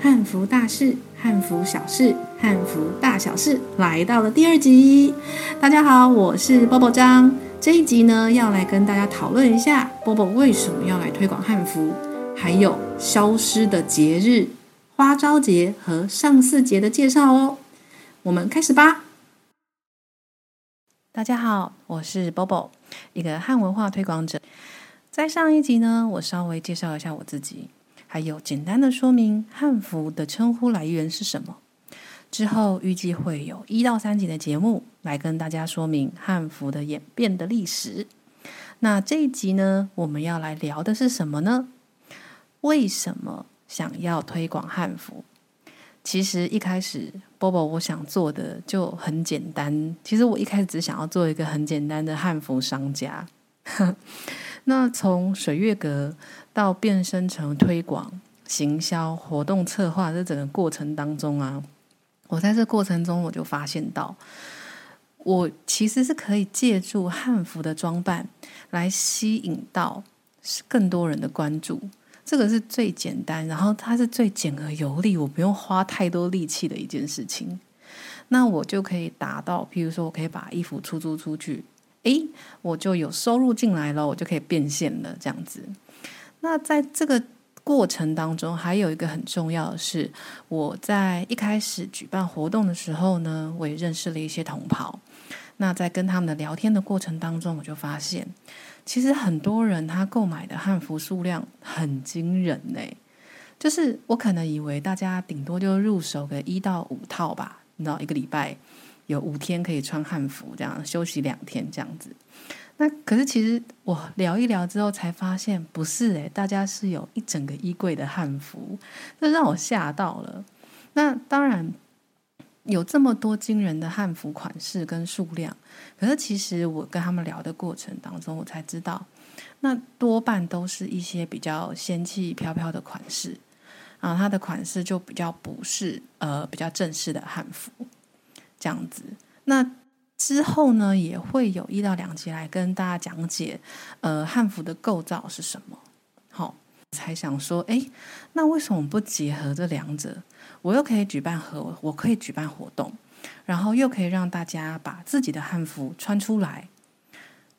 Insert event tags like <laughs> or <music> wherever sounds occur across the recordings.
漢服大事、漢服小事、漢服大小事，來到了第二集。大家好，我是 Bobo 張。這一集呢，要來跟大家討論一下 Bobo 為什麼要來推廣漢服，還有消失的節日花朝節和上巳節的介紹哦。我們開始吧。大家好，我是 Bobo，一個漢文化推廣者。在上一集呢，我稍微介紹一下我自己。還有簡單的說明漢服的稱呼來源是什麼？之後預計會有一到三集的節目來跟大家說明漢服的演變的歷史。那這一集呢，我們要來聊的是什麼呢？為什麼想要推廣漢服？其實一開始，Bobo 我想做的就很簡單，其實我一開始只想要做一個很簡單的漢服商家。 <laughs> 那從水月閣。到變身成推廣、行銷、活動策劃這整個過程當中啊，我在這過程中我就發現到，我其實是可以借助漢服的裝扮來吸引到更多人的關注，這個是最簡單，然後它是最簡而有力，我不用花太多力氣的一件事情。那我就可以達到，譬如說我可以把衣服出租出去，哎、欸，我就有收入進來了，我就可以變現了，這樣子。那在這個過程當中，還有一個很重要的是，我在一開始舉辦活動的時候呢，我也認識了一些同袍。那在跟他們的聊天的過程當中，我就發現，其實很多人他購買的漢服數量很驚人呢、欸，就是我可能以為大家頂多就入手個一到五套吧，你知道，一個禮拜有五天可以穿漢服，這樣休息兩天這樣子。那可是，其實我聊一聊之後才發現，不是誒、欸，大家是有一整個衣櫃的漢服，這讓我嚇到了。那當然有這麼多驚人的漢服款式跟數量，可是其實我跟他們聊的過程當中，我才知道，那多半都是一些比較仙氣飄飄的款式啊，它的款式就比較不是呃比較正式的漢服這樣子。那之後呢，也會有一到兩集來跟大家講解，呃，漢服的構造是什麼。好、哦，才想說，哎，那為什麼不結合這兩者？我又可以舉辦和我可以舉辦活動，然後又可以讓大家把自己的漢服穿出來。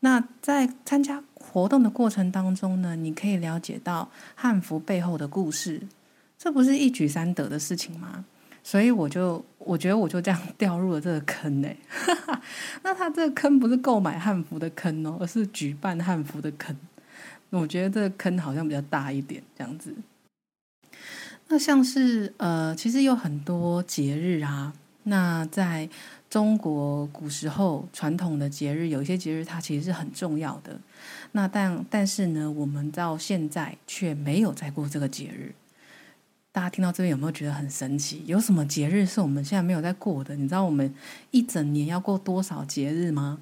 那在參加活動的過程當中呢，你可以了解到漢服背後的故事，這不是一舉三得的事情嗎？所以我就我覺得我就這樣掉入了這個坑呢。 <laughs> 那他這個坑不是購買漢服的坑哦，而是舉辦漢服的坑。我覺得這個坑好像比較大一點，這樣子。那像是呃，其實有很多節日啊。那在中國古時候傳統的節日，有一些節日它其實是很重要的。那但但是呢，我們到現在卻沒有再過這個節日。大家聽到這邊有沒有覺得很神奇？有什麼節日是我們現在沒有在過的？你知道我們一整年要過多少節日嗎？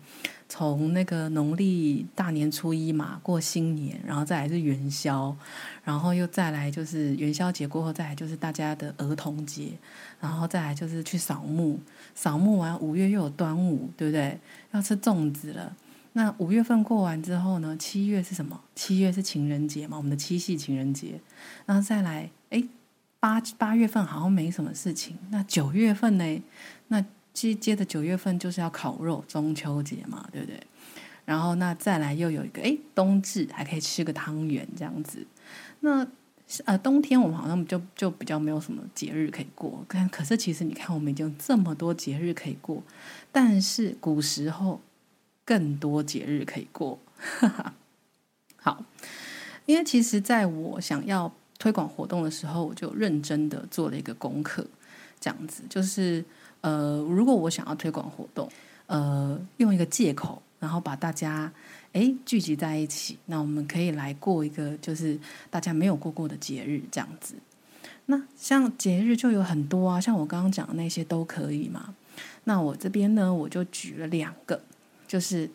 從那個農曆大年初一嘛，過新年，然後再來是元宵，然後又再來就是元宵節過後，再來就是大家的兒童節，然後再來就是去掃墓，掃墓完五月又有端午，對不對？要吃粽子了。那五月份過完之後呢？七月是什麼？七月是情人節嘛，我們的七夕情人節，然後再來誒。八八月份好像沒什麼事情，那九月份呢？那接接着九月份就是要烤肉，中秋節嘛，對不對？然後那再來又有一個哎，冬至還可以吃個湯圓這樣子。那呃，冬天我們好像就就比較沒有什麼節日可以過，可是其實你看，我們已經這麼多節日可以過，但是古時候更多節日可以過。哈哈，好，因為其實在我想要。推廣活動的時候，我就認真的做了一個功課，這樣子就是，呃，如果我想要推廣活動，呃，用一個借口，然後把大家誒聚集在一起，那我們可以來過一個就是大家沒有過過的節日，這樣子。那像節日就有很多啊，像我剛剛講的那些都可以嘛。那我這邊呢，我就舉了兩個，就是。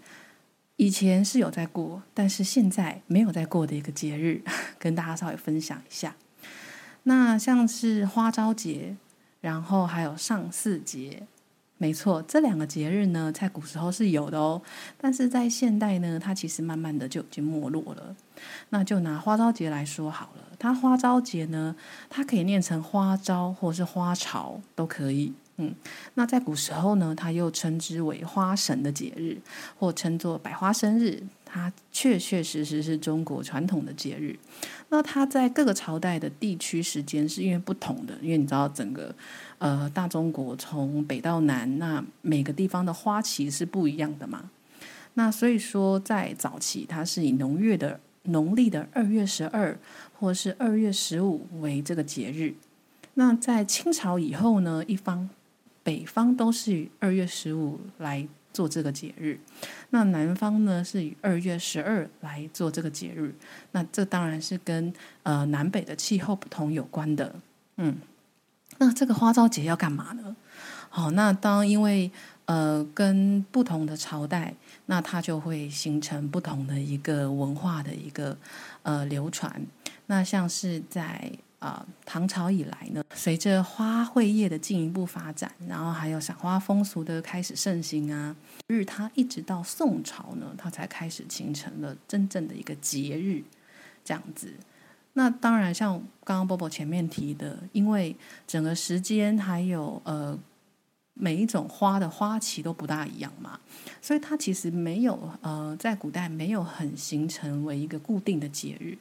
以前是有在過，但是現在沒有在過的一個節日，跟大家稍微分享一下。那像是花朝節，然後還有上巳節，沒錯，這兩個節日呢，在古時候是有的哦。但是在現代呢，它其實慢慢的就已經沒落了。那就拿花朝節來說好了，它花朝節呢，它可以念成花朝，或是花朝都可以。嗯，那在古時候呢，它又稱之為花神的節日，或稱作百花生日。它確確實實是，是中國傳統的節日。那它在各個朝代的地區時間是因為不同的，因為你知道整個呃大中國從北到南，那每個地方的花期是不一樣的嘛。那所以說，在早期它是以農曆的農曆的二月十二，或是二月十五為這個節日。那在清朝以後呢，一方北方都是以二月十五來做這個節日，那南方呢，是以二月十二來做這個節日，那這當然是跟呃南北的氣候不同有關的，嗯。那這個花朝節要幹嘛呢？好，那當因為呃跟不同的朝代，那它就會形成不同的一個文化的一個呃流傳，那像是在。啊、呃，唐朝以來呢，隨着花卉業的進一步發展，然後還有賞花風俗的開始盛行啊，日它一直到宋朝呢，它才開始形成了真正的一個節日這樣子。那當然，像剛剛波波前面提的，因為整個時間還有呃。每一種花的花期都不大一樣嘛，所以它其實沒有呃，在古代沒有很形成為一個固定的節日。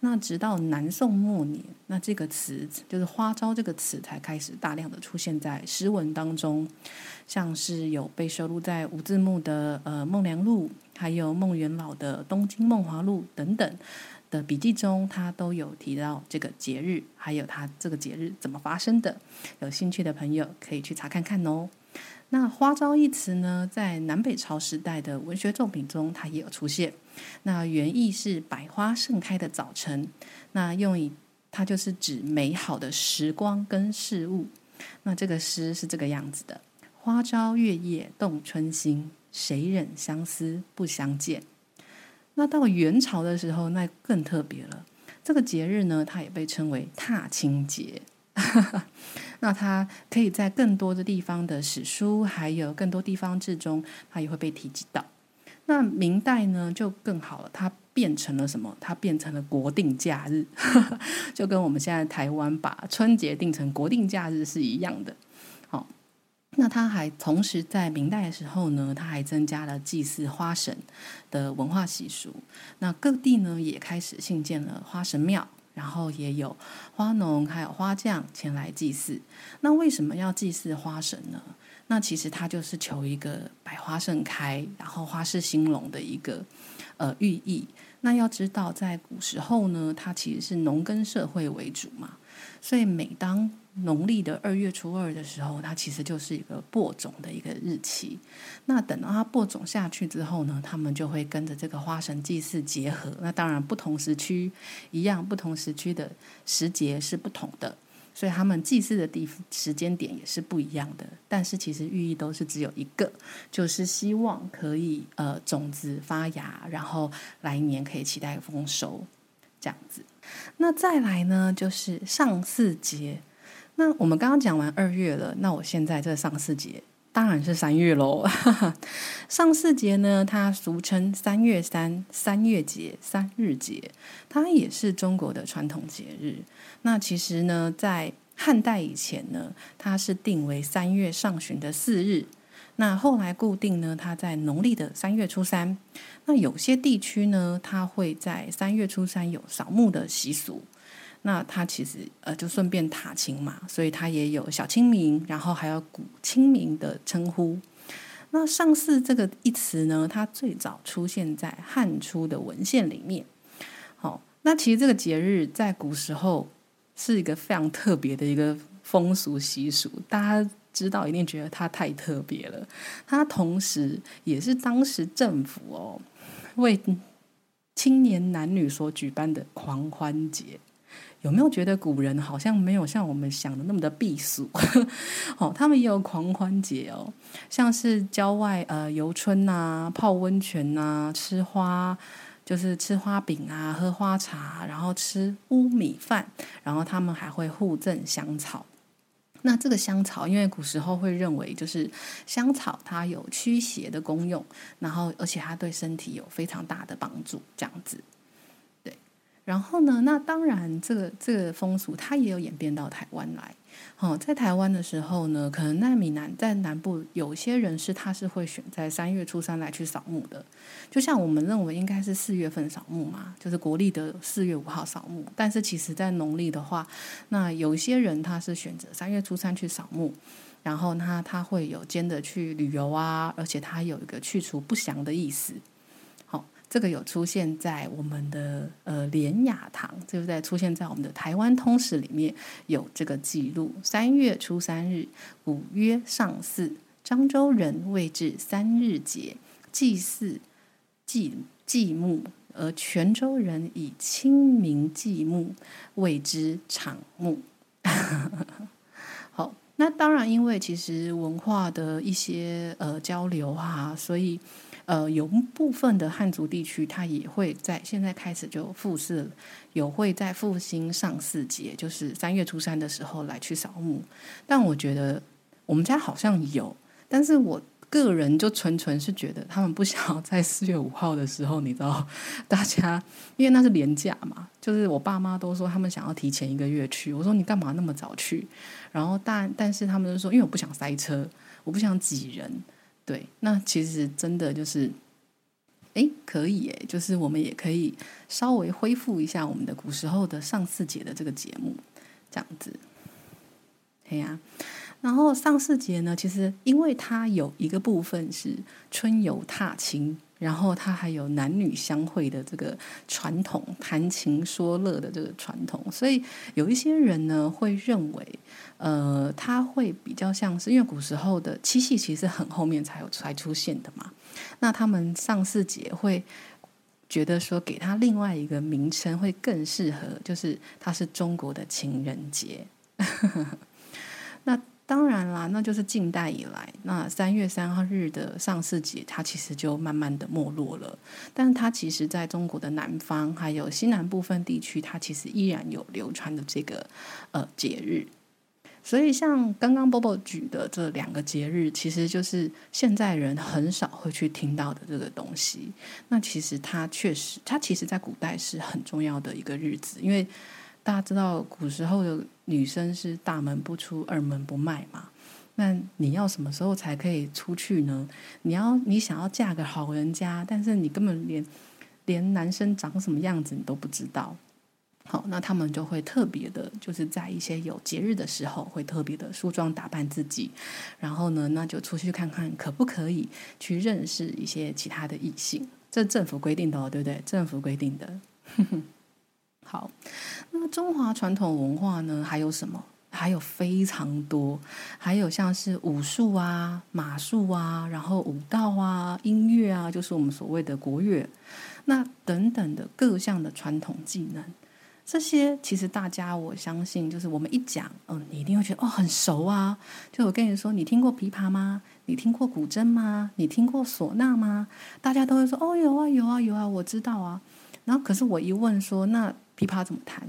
那直到南宋末年，那這個詞就是“花朝”這個詞才開始大量的出現在詩文當中，像是有被收錄在吳自牧的呃《夢粱錄》，還有孟元老的《東京夢華錄》等等。筆記中，他都有提到這個節日，還有他這個節日怎麼發生的。有興趣的朋友可以去查看看哦。那“花朝”一詞呢，在南北朝時代的文學作品中，它也有出現。那原意是百花盛開的早晨，那用以它就是指美好的時光跟事物。那這個詩是這個樣子的：“花朝月夜動春心，誰忍相思不相見。”那到了元朝的時候，那更特別了。這個節日呢，它也被稱為踏青節。 <laughs> 那它可以在更多的地方的史書，還有更多地方志中，它也會被提及到。那明代呢，就更好了，它變成了什麼？它變成了國定假日， <laughs> 就跟我們現在台灣把春節定成國定假日是一樣的。那它還同時在明代的時候呢，它還增加了祭祀花神的文化習俗。那各地呢也開始興建了花神廟，然後也有花農還有花匠前來祭祀。那為什麼要祭祀花神呢？那其實它就是求一個百花盛開，然後花市興隆的一個呃寓意。那要知道，在古時候呢，它其實是農耕社會為主嘛，所以每當農曆的二月初二的時候，它其實就是一個播種的一個日期。那等到它播種下去之後呢，他們就會跟着這個花神祭祀結合。那當然不同時區一樣，不同時區的時節是不同的，所以他們祭祀的地時間點也是不一樣的。但是其實寓意都是只有一個，就是希望可以呃種子發芽，然後來年可以期待豐收這樣子。那再來呢，就是上巳節。那我們剛剛講完二月了，那我現在這上巳節當然是三月嘍。 <laughs> 上巳節呢，它俗稱三月三、三月節、三日節，它也是中國的傳統節日。那其實呢，在漢代以前呢，它是定為三月上旬的巳日，那後來固定呢，它在農曆的三月初三。那有些地區呢，它會在三月初三有掃墓的習俗。那他其實呃，就順便踏青嘛，所以他也有小清明，然後還有古清明的稱呼。那上巳這個一詞呢，它最早出現在漢初的文獻裡面。好、哦，那其實這個節日在古時候是一個非常特別的一個風俗習俗，大家知道一定覺得它太特別了。它同時也是當時政府哦為青年男女所舉辦的狂歡節。有沒有覺得古人好像沒有像我們想的那麼的避暑？ <laughs> 哦，他們也有狂歡節哦，像是郊外呃遊春啊、泡溫泉啊、吃花，就是吃花餅啊、喝花茶，然後吃烏米飯，然後他們還會互贈香草。那這個香草，因為古時候會認為就是香草它有驅邪的功用，然後而且它對身體有非常大的幫助，這樣子。然後呢，那當然，這個這個風俗它也有演變到台灣來。哦，在台灣的時候呢，可能在閩南，在南部有些人是他是會選在三月初三來去掃墓的。就像我們認為應該是四月份掃墓嘛，就是國曆的四月五號掃墓。但是其實，在農曆的話，那有些人他是選擇三月初三去掃墓，然後他他會有兼着去旅遊啊，而且他有一個去除不祥的意思。這個有出現在我們的呃連雅堂，就是在出現在我們的《台灣通史》裡面有這個記錄。三月初三日，五月上巳，漳州人謂之三日節，祭祀祭祭墓；而泉州人以清明祭墓，謂之長墓。 <laughs> 好，那當然，因為其實文化的一些呃交流啊，所以。呃，有部分的漢族地區，他也會在現在開始就復興，有會在復興上巳節，就是三月初三的時候來去掃墓。但我覺得我們家好像有，但是我個人就純純是覺得他們不想要在四月五號的時候，你知道，大家因為那是連假嘛，就是我爸媽都說他們想要提前一個月去。我說你幹嘛那麼早去？然後但但是他們就說，因為我不想塞車，我不想擠人。對，那其實真的就是，哎，可以哎，就是我們也可以稍微恢復一下我們的古時候的上巳節的這個節目，這樣子，對呀、啊。然後上巳節呢，其實因為它有一個部分是春遊踏青。然後它還有男女相會的這個傳統，談情說樂的這個傳統，所以有一些人呢會認為，呃，他會比較像是，因為古時候的七夕其實很後面才有才出現的嘛，那他們上巳節會覺得說，給他另外一個名稱會更適合，就是它是中國的情人節。 <laughs> 那。當然啦，那就是近代以來，那三月三號日的上巳節，它其實就慢慢的沒落了。但是它其實，在中國的南方還有西南部分地區，它其實依然有流傳的這個呃節日。所以，像剛剛波波舉的這兩個節日，其實就是現在人很少會去聽到的這個東西。那其實它確實，它其實在古代是很重要的一個日子，因為。大家知道古時候的女生是大門不出二門不邁嘛？那你要什麼時候才可以出去呢？你要你想要嫁個好人家，但是你根本連連男生長什麼樣子你都不知道。好，那他們就會特別的，就是在一些有節日的時候，會特別的梳妝打扮自己，然後呢，那就出去看看可不可以去認識一些其他的異性。這是政府規定的哦，對不對？政府規定的。 <laughs> 好，那麼中華傳統文化呢？還有什麼？還有非常多，還有像是武術啊、馬術啊，然後舞蹈啊、音樂啊，就是我們所謂的國樂，那等等的各項的傳統技能。這些其實大家我相信，就是我們一講，嗯，你一定會覺得哦，很熟啊。就我跟你說，你聽過琵琶嗎？你聽過古箏嗎？你聽過嗩吶嗎？大家都會說哦，有啊，有啊，有啊，我知道啊。然後可是我一問說那。琵琶怎麼彈？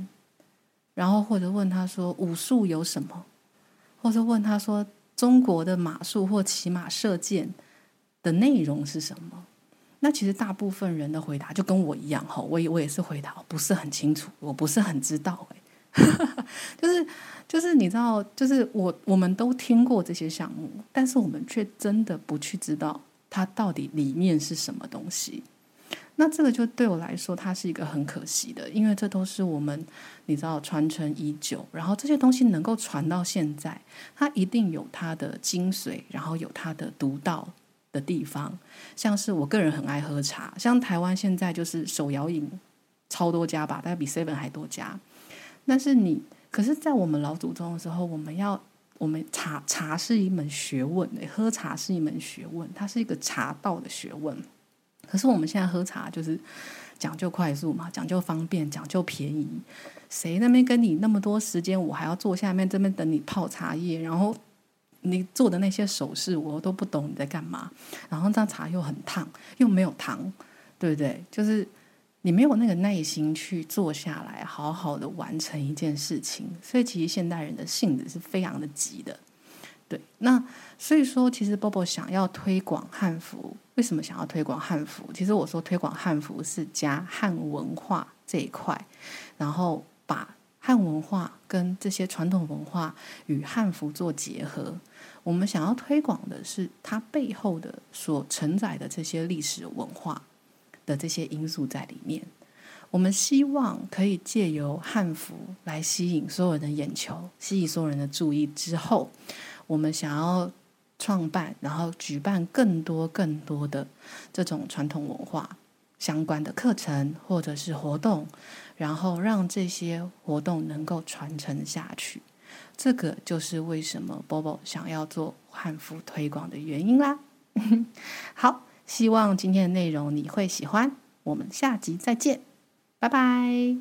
然後或者問他說武術有什麼？或者問他說中國的馬術或騎馬射箭的內容是什麼？那其實大部分人的回答就跟我一樣哈，我我也是回答我不是很清楚，我不是很知道哎。 <laughs> 就是就是你知道，就是我我們都聽過這些項目，但是我們卻真的不去知道它到底裡面是什麼東西。那這個就對我來說，它是一個很可惜的，因為這都是我們你知道傳承已久，然後這些東西能夠傳到現在，它一定有它的精髓，然後有它的獨到的地方。像是我個人很愛喝茶，像台灣現在就是手搖飲超多家吧，大概比 seven 還多家。但是你可是在我們老祖宗的時候，我們要我們茶茶是一門學問，誒，喝茶是一門學問，它是一個茶道的學問。可是我們現在喝茶就是講究快速嘛，講究方便，講究便宜。誰那邊跟你那麼多時間？我還要坐下面這邊等你泡茶葉，然後你做的那些手勢我都不懂你在幹嘛。然後這樣茶又很燙，又沒有糖，對不對？就是你沒有那個耐心去坐下來，好好的完成一件事情。所以其實現代人的性子是非常的急的。對，那所以說，其實 Bobo 想要推廣漢服，為什麼想要推廣漢服？其實我說推廣漢服是加漢文化這一塊，然後把漢文化跟這些傳統文化與漢服做結合。我們想要推廣的是它背後的所承載的這些歷史文化的這些因素在裡面。我們希望可以借由漢服來吸引所有人的眼球，吸引所有人的注意之後。我們想要創辦，然後舉辦更多更多的這種傳統文化相關的課程或者是活動，然後讓這些活動能夠傳承下去。這個就是為什麼 Bobo 想要做漢服推廣的原因啦。 <laughs> 好，希望今天的內容你會喜歡。我們下集再見，拜拜。